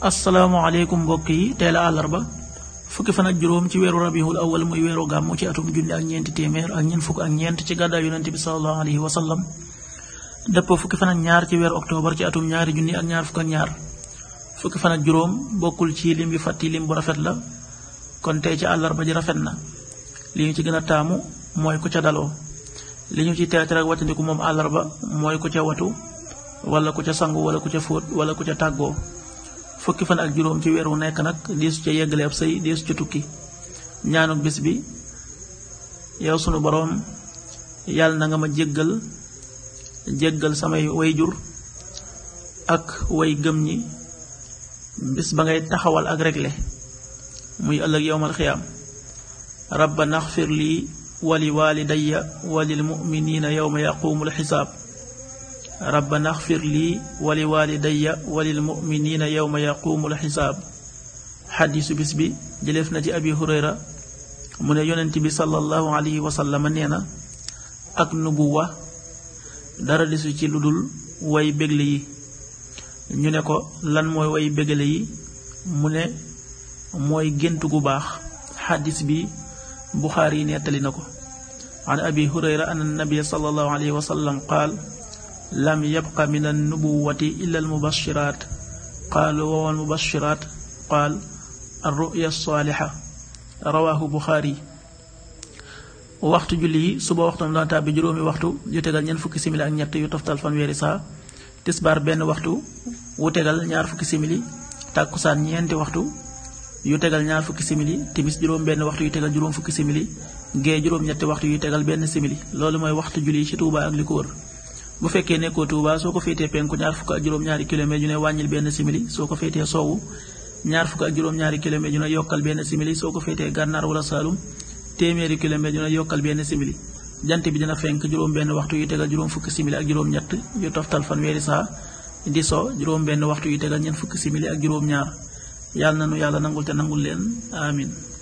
asalaamaaleykum mbokk yi tey la àllarba fukki fan ak juróom ci weeru rabiul awal muy weeru gàmmu ci atum junni ak ñeent téeméer ak ñeent fukk ak ñeent ci gàddaay yonente bi salallahu alayhi wa sallam dëppoo fukki fan ñaar ci weeru octobre ci atum ñaari junni ak ñaar fukk ak ñaar fukki fan juróom bokkul ci lim bi fàtti lim bu rafet la kon tey ci àllarba ji rafet na li ñu ci gën a taamu mooy ku ca daloo li ñu ci teetere ak wàccandiku moom àllarba mooy ku ca watu wala ku ca sangu wala ku ca fóot wala ku ca tàggoo fukki fan ak juróom ci weer wu nekk nag deesu ca yeggale ab sëy deesu ca tukki ñaanu bés bi yow sunu boroom yàlla na nga ma jéggal jëggal samay wayjur ak way gëm ñi bis ba ngay taxawal ak regle muy ëllëg yowmal xiyaam rabbana axfir lii wali walidaya walil muminina yowma yaquumul xisaab rabbana axfir lii wali walidaya walil muminina yowma yaquumul xisaab xadiisu bis bi jëleef na ci abi hurayra mu ne yonent bi sallallahu alayhi wa sallam nee na ak nubuwa dara desu ci lu dul way bégle yi ñu ne ko lan mooy way bégle yi mu ne mooy gént gu baax xadis bi buxaari yi nettali na ko an abi hurayra an annabiya sallallahu alayhi wa qaal lam yabqa min annubuwati illa almubashiraat qaalu wawa almubashiraat qaal alruya alsaalixa rawaahu buxaari waxtu julli yi suba waxtoom dana tàbbi juróomi waxtu yu tegal ñeent fukki simili ak ñett yu toftal fanweeri saa benn waxtu wu tegal ñaar fukki simili tàkkusaan ñeenti waxtu yu tegal ñaar fukki simili timis juróom benn waxtu yu tegal juróom fukki simili gee juróom ñetti waxtu yu tegal benn simili loolu mooy waxtu julli yi ci Tuuba ak li bu fekkee nekkoo Touba soo ko féetee penku ñaar fukk ak juróom-ñaari kilomètre yu ne wàññil benn simili soo ko féetee sowwu ñaar fukk ak juróom-ñaari kilomètre yu ne yokkal benn simili soo ko féetee gànnaar wala Saalum téeméeri kilomètre yu ne yokkal benn simili jant bi dina fenk juróom-benn waxtu yu tegal juróom fukki simili ak juróom-ñett yu toftal fanweeri saa di so juróom-benn waxtu yu tegal ñeent fukki simili ak juróom-ñaar yàlla na nu yàlla nangul te nangul leen amin